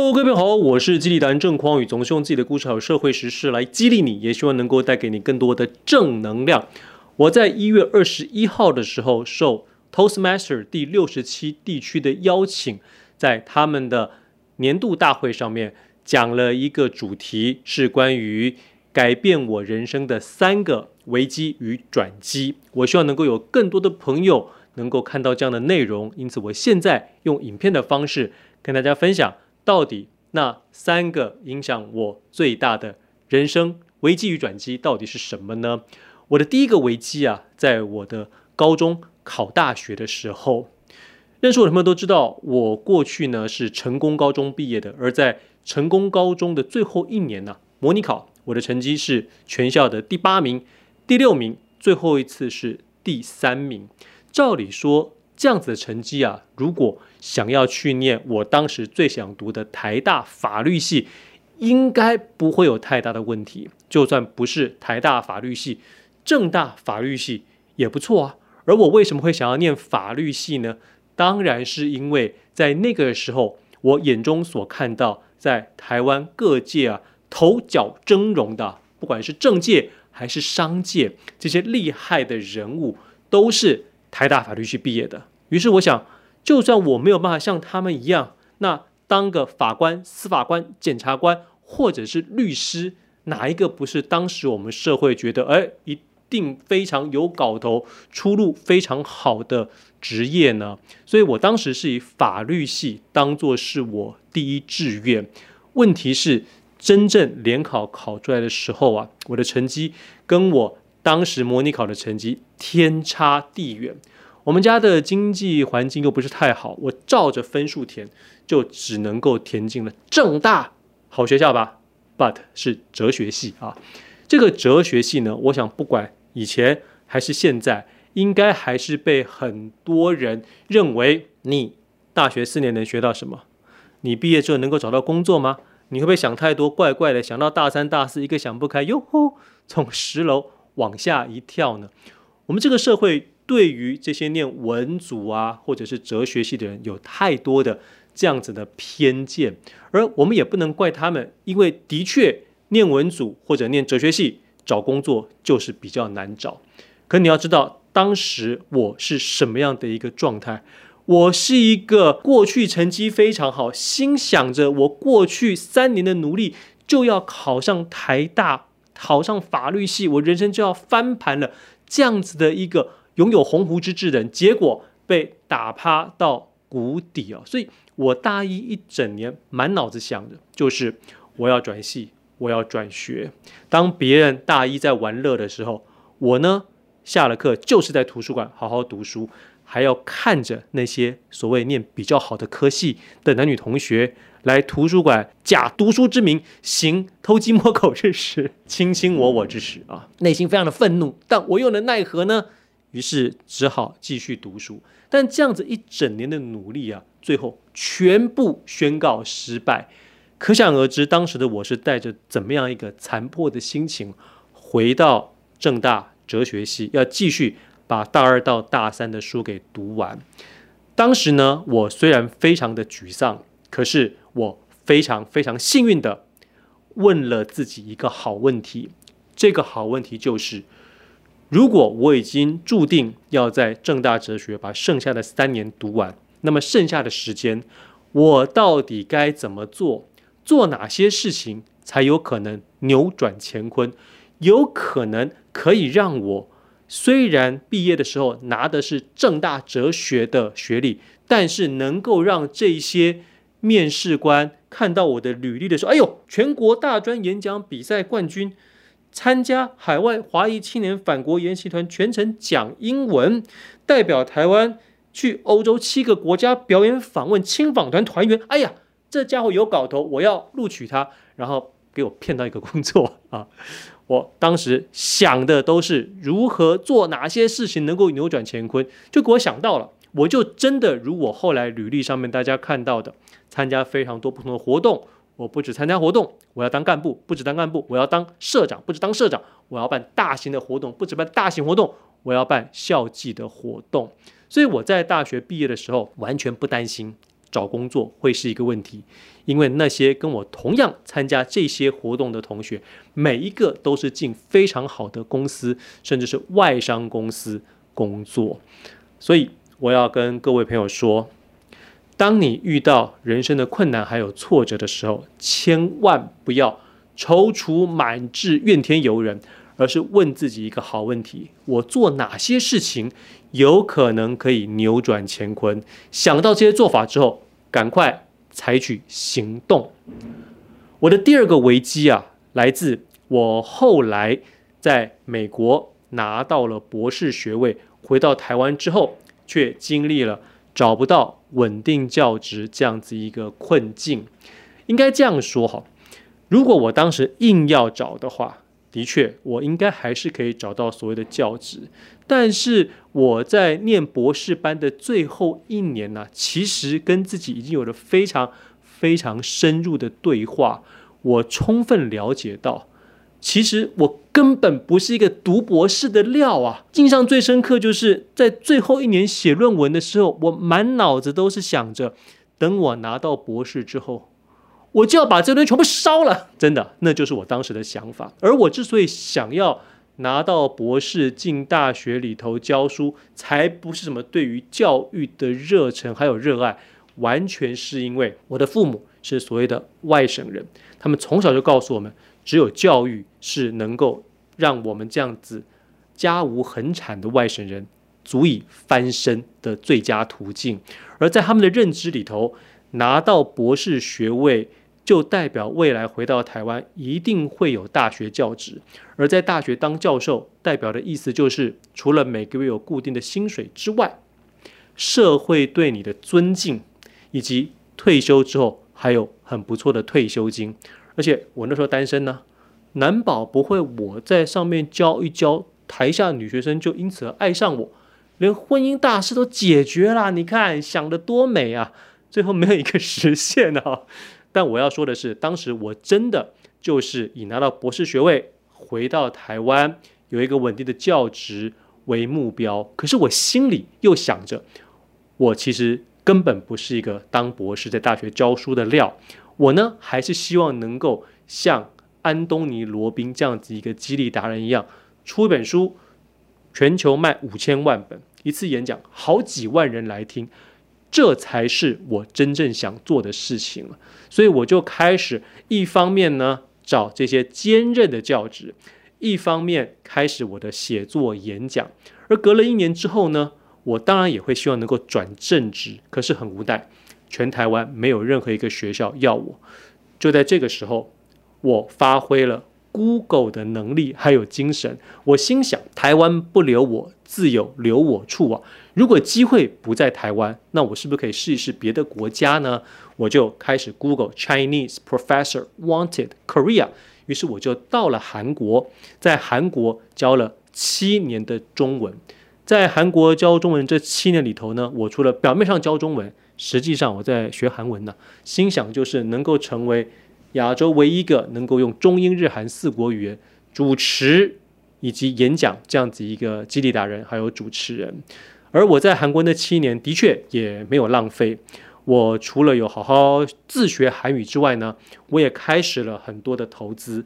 Hello, 各位好，我是激勵達人鄭匡宇，總是用自己的故事還有社會時事來激勵你，也希望能夠帶給你更多的正能量。我在一月二十一號的時候，受 Toastmaster 第六十七地區的邀請，在他們的年度大會上面講了一個主題，是關於改變我人生的三個危機與轉機。我希望能夠有更多的朋友能夠看到這樣的內容，因此我現在用影片的方式跟大家分享。到底那三個影響我最大的人生危機與轉機到底是什麼呢？我的第一個危機啊，在我的高中考大學的時候，認識我的朋友都知道，我過去呢是成功高中畢業的，而在成功高中的最後一年呢，啊，模擬考我的成績是全校的第八名、第六名，最後一次是第三名。照理說，這樣子的成績啊，如果想要去念我當時最想讀的台大法律系，應該不會有太大的問題。就算不是台大法律系，政大法律系也不錯啊。而我為什麼會想要念法律系呢？當然是因為在那個時候，我眼中所看到在台灣各界啊頭角崢嶸的，不管是政界還是商界，這些厲害的人物都是。台大法律系畢業的，於是我想，就算我沒有辦法像他們一樣，那當個法官、司法官、檢察官，或者是律師，哪一個不是當時我們社會覺得，哎，一定非常有搞頭、出路非常好的職業呢？所以我當時是以法律系當做是我第一志願。問題是，真正聯考考出來的時候啊，我的成績跟我當時模擬考的成績天差地遠，我們家的經濟環境又不是太好，我照着分數填，就只能夠填進了政大。好學校吧？But 是哲學系啊，這個哲學系呢，我想不管以前還是現在，應該還是被很多人認為你大學四年能學到什麼？你畢業之後能夠找到工作嗎？你會不會想太多？怪怪的，想到大三大四一個想不開，喲吼，從十樓。往下一跳呢？我們這個社會對於這些念文組啊，或者是哲學系的人，有太多的這樣子的偏見，而我們也不能怪他們，因為的確念文組或者念哲學系找工作就是比較難找。可你要知道，當時我是什麼樣的一個狀態？我是一個過去成績非常好，心想着我過去三年的努力就要考上台大，考上法律系，我人生就要翻盤了。這樣子的一個擁有鴻鵠之志的人，結果被打趴到谷底了，哦。所以，我大一一整年滿腦子想的就是我要轉系，我要轉學。當別人大一在玩樂的時候，我呢，下了課就是在圖書館好好讀書，還要看着那些所謂念比較好的科系的男女同學。來圖書館，假讀書之名行，行偷雞摸狗之實，卿卿我我之實啊！內心非常的憤怒，但我又能奈何呢？於是只好繼續讀書。但這樣子一整年的努力啊，最後全部宣告失敗。可想而知，當時的我是帶着怎麼樣一個殘破的心情，回到政大哲學系，要繼續把大二到大三的書給讀完。當時呢，我雖然非常的沮喪。可是我非常非常幸運地問了自己一個好問題，這個好問題就是：如果我已經注定要在政大哲學，把剩下的三年讀完，那麼剩下的時間我到底該怎麼做？做哪些事情才有可能扭轉乾坤？有可能可以讓我雖然畢業的時候拿的是政大哲學的學歷，但是能夠讓這一些。面試官看到我的履歷的時候，哎呦，全國大專演講比賽冠軍，參加海外華裔青年返國研習團，全程講英文，代表台灣去歐洲七個國家表演訪問，青訪團團員，哎呀，這家伙有搞頭，我要錄取他，然後給我騙到一個工作啊！我當時想的都是如何做哪些事情能夠扭轉乾坤，就給我想到了。我就真的，如我後來履歷上面大家看到的，參加非常多不同的活動。我不止參加活動，我要當幹部；不止當幹部，我要當社長；不止當社長，我要辦大型的活動；不止辦大型活動，我要辦校際的活動。所以我在大學畢業的時候，完全不擔心找工作會是一個問題，因為那些跟我同樣參加這些活動的同學，每一個都是進非常好的公司，甚至是外商公司工作。所以。我要跟各位朋友說，當你遇到人生的困難還有挫折的時候，千萬不要躊躇滿志、怨天尤人，而是問自己一個好問題：我做哪些事情有可能可以扭轉乾坤？想到這些做法之後，趕快採取行動。我的第二個危機啊，來自我後來在美國拿到了博士學位，回到台灣之後。卻經歷了找不到穩定教職這樣子一個困境，應該這樣說哈。如果我當時硬要找的話，的確我應該還是可以找到所謂的教職。但是我在念博士班的最後一年呢、啊，其實跟自己已經有了非常非常深入的對話，我充分了解到。其實我根本不是一個讀博士的料啊！印象最深刻就是在最後一年寫論文的時候，我滿腦子都是想着，等我拿到博士之後，我就要把這堆全部燒了。真的，那就是我當時的想法。而我之所以想要拿到博士進大學裡頭教書，才不是什麼對於教育的熱忱還有熱愛，完全是因為我的父母是所謂的外省人。他們從小就告訴我們，只有教育是能夠讓我們這樣子家無恆產的外省人足以翻身的最佳途徑。而在他們的認知裡頭，拿到博士學位就代表未來回到台灣一定會有大學教職，而在大學當教授代表的意思就是，除了每個月有固定的薪水之外，社會對你的尊敬，以及退休之後還有。很不錯的退休金，而且我那時候單身呢，難保不會我在上面教一教，台下女學生就因此而愛上我，連婚姻大事都解決了。你看想得多美啊，最後沒有一個實現啊。但我要說的是，當時我真的就是以拿到博士學位，回到台灣有一個穩定的教職為目標。可是我心裡又想着，我其實。根本不是一個當博士在大學教書的料。我呢，還是希望能夠像安東尼·羅賓這樣子一個激勵達人一樣，出一本書，全球賣五千萬本，一次演講好幾萬人來聽，這才是我真正想做的事情。所以我就開始，一方面呢找這些兼任的教職，一方面開始我的寫作、演講。而隔了一年之後呢，我當然也會希望能夠轉正職，可是很無奈，全台灣沒有任何一個學校要我。就在這個時候，我發揮了 Google 的能力還有精神，我心想：台灣不留我，自有留我處啊！如果機會不在台灣，那我是不是可以試一試別的國家呢？我就開始 Google Chinese Professor Wanted Korea，於是我就到了韓國，在韓國教了七年的中文。在韓國教中文這七年裡頭呢，我除了表面上教中文，實際上我在學韓文呢。心想就是能夠成為亞洲唯一一個能夠用中英日韓四國語言主持以及演講這樣子一個激勵達人，還有主持人。而我在韓國那七年的確也沒有浪費，我除了有好好自學韓語之外呢，我也開始了很多的投資，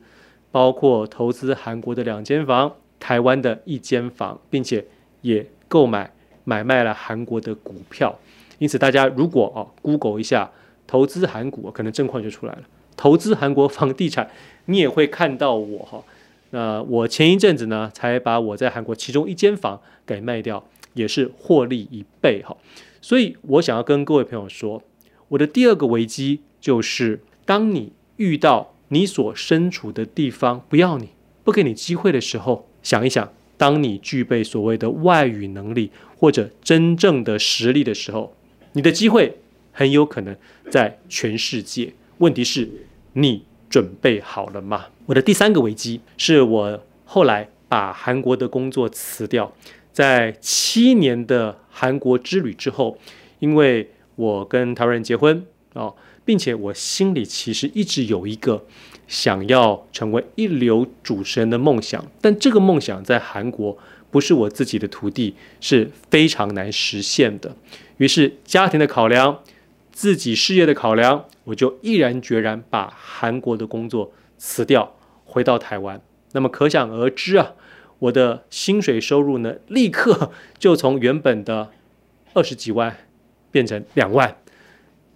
包括投資韓國的兩間房，台灣的一間房，並且。也購買買賣了韓國的股票，因此大家如果啊 Google 一下投資韓國，可能狀況就出來了。投資韓國房地產，你也會看到我哈。那、呃、我前一陣子呢，才把我在韓國其中一間房給賣掉，也是獲利一倍哈。所以我想要跟各位朋友說，我的第二個危機就是，當你遇到你所身處的地方不要你不給你機會的時候，想一想。當你具備所謂的外語能力或者真正的實力的時候，你的機會很有可能在全世界。問題是，你準備好了嗎？我的第三個危機是我後來把韓國的工作辭掉，在七年的韓國之旅之後，因為我跟台灣人結婚啊、哦，並且我心裡其實一直有一個。想要成為一流主持人的夢想，但這個夢想在韓國不是我自己的徒弟是非常難實現的。於是，家庭的考量，自己事業的考量，我就毅然決然把韓國的工作辭掉，回到台灣。那麼可想而知啊，我的薪水收入呢，立刻就從原本的二十幾萬變成兩萬，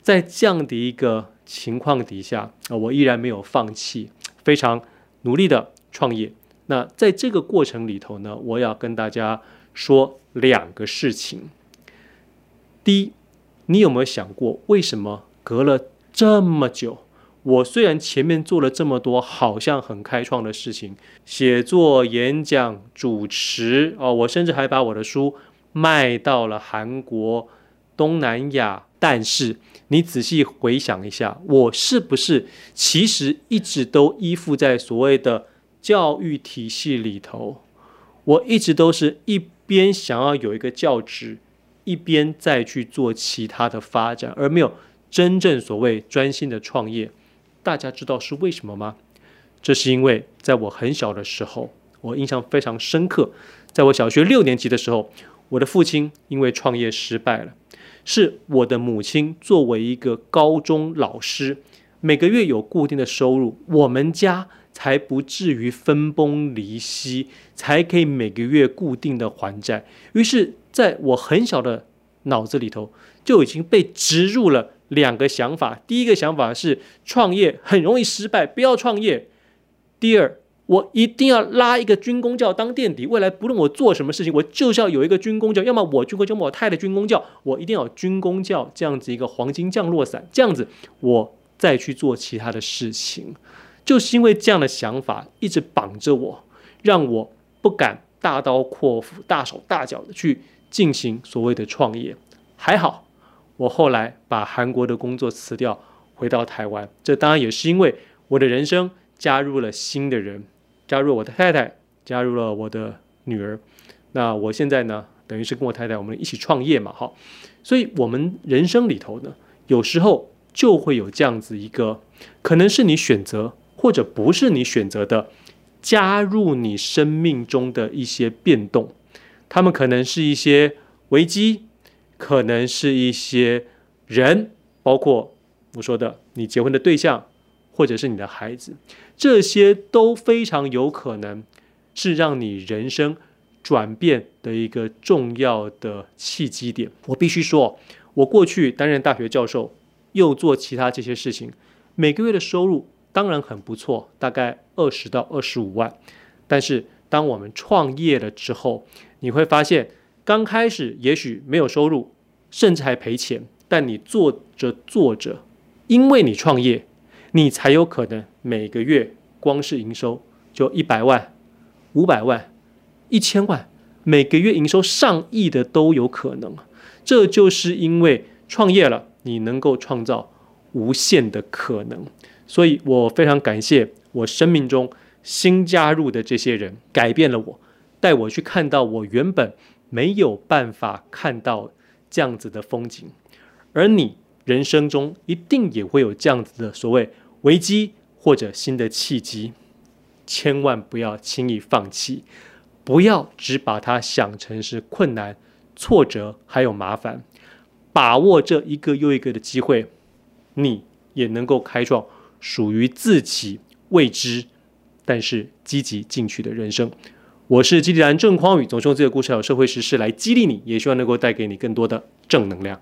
在這樣的一個情況底下啊、呃，我依然沒有放棄，非常努力的創業。那在這個過程裡頭呢，我要跟大家說兩個事情。第一，你有沒有想過，為什麼隔了這麼久，我雖然前面做了這麼多好像很開創的事情，寫作、演講、主持啊、呃，我甚至還把我的書賣到了韓國、東南亞。但是你仔細回想一下，我是不是其實一直都依附在所謂的教育體系裡頭？我一直都是一邊想要有一個教職，一邊再去做其他的發展，而沒有真正所謂專心的創業。大家知道是為什麼嗎？這是因為在我很小的時候，我印象非常深刻，在我小學六年級的時候，我的父親因為創業失敗了。是我的母親作為一個高中老師，每個月有固定的收入，我們家才不至於分崩離析，才可以每個月固定的還債。於是，在我很小的腦子裡頭就已經被植入了兩個想法：第一個想法是創業很容易失敗，不要創業；第二，我一定要拉一個軍公教當墊底，未來不論我做什麼事情，我就是要有一個軍公教，要麼我軍公教，要麼我太太軍公教，我一定要軍公教這樣子一個黃金降落傘，這樣子我再去做其他的事情。就是因為這樣的想法一直綁着我，讓我不敢大刀闊斧、大手大腳地去進行所謂的創業。還好，我後來把韓國的工作辭掉，回到台灣，這當然也是因為我的人生加入了新的人。加入我的太太，加入了我的女兒，那我現在呢，等於是跟我太太我們一起創業嘛，哈，所以我們人生裡頭呢，有時候就會有這樣子一個，可能是你選擇，或者不是你選擇的，加入你生命中的一些變動，他們可能是一些危機，可能是一些人，包括我說的你結婚的對象。或者是你的孩子，這些都非常有可能是讓你人生轉變的一個重要的契機點。我必須說，我過去擔任大學教授，又做其他這些事情，每個月的收入當然很不錯，大概二十到二十五萬。但是當我們創業了之後，你會發現，剛開始也許沒有收入，甚至還賠錢，但你做着做着，因為你創業。你才有可能每個月光是營收就一百萬、五百萬、一千萬，每個月營收上億的都有可能。這就是因為創業了，你能夠創造無限的可能。所以我非常感謝我生命中新加入的這些人，改變了我，帶我去看到我原本沒有辦法看到這樣子的風景。而你人生中一定也會有這樣子的所謂。危機或者新的契機，千萬不要輕易放棄，不要只把它想成是困難、挫折還有麻煩。把握這一個又一個的機會，你也能夠開創屬於自己未知但是積極進取的人生。我是基蒂蘭鄭匡宇，總是用這個故事還有社會時事來激勵你，也希望能夠帶給你更多的正能量。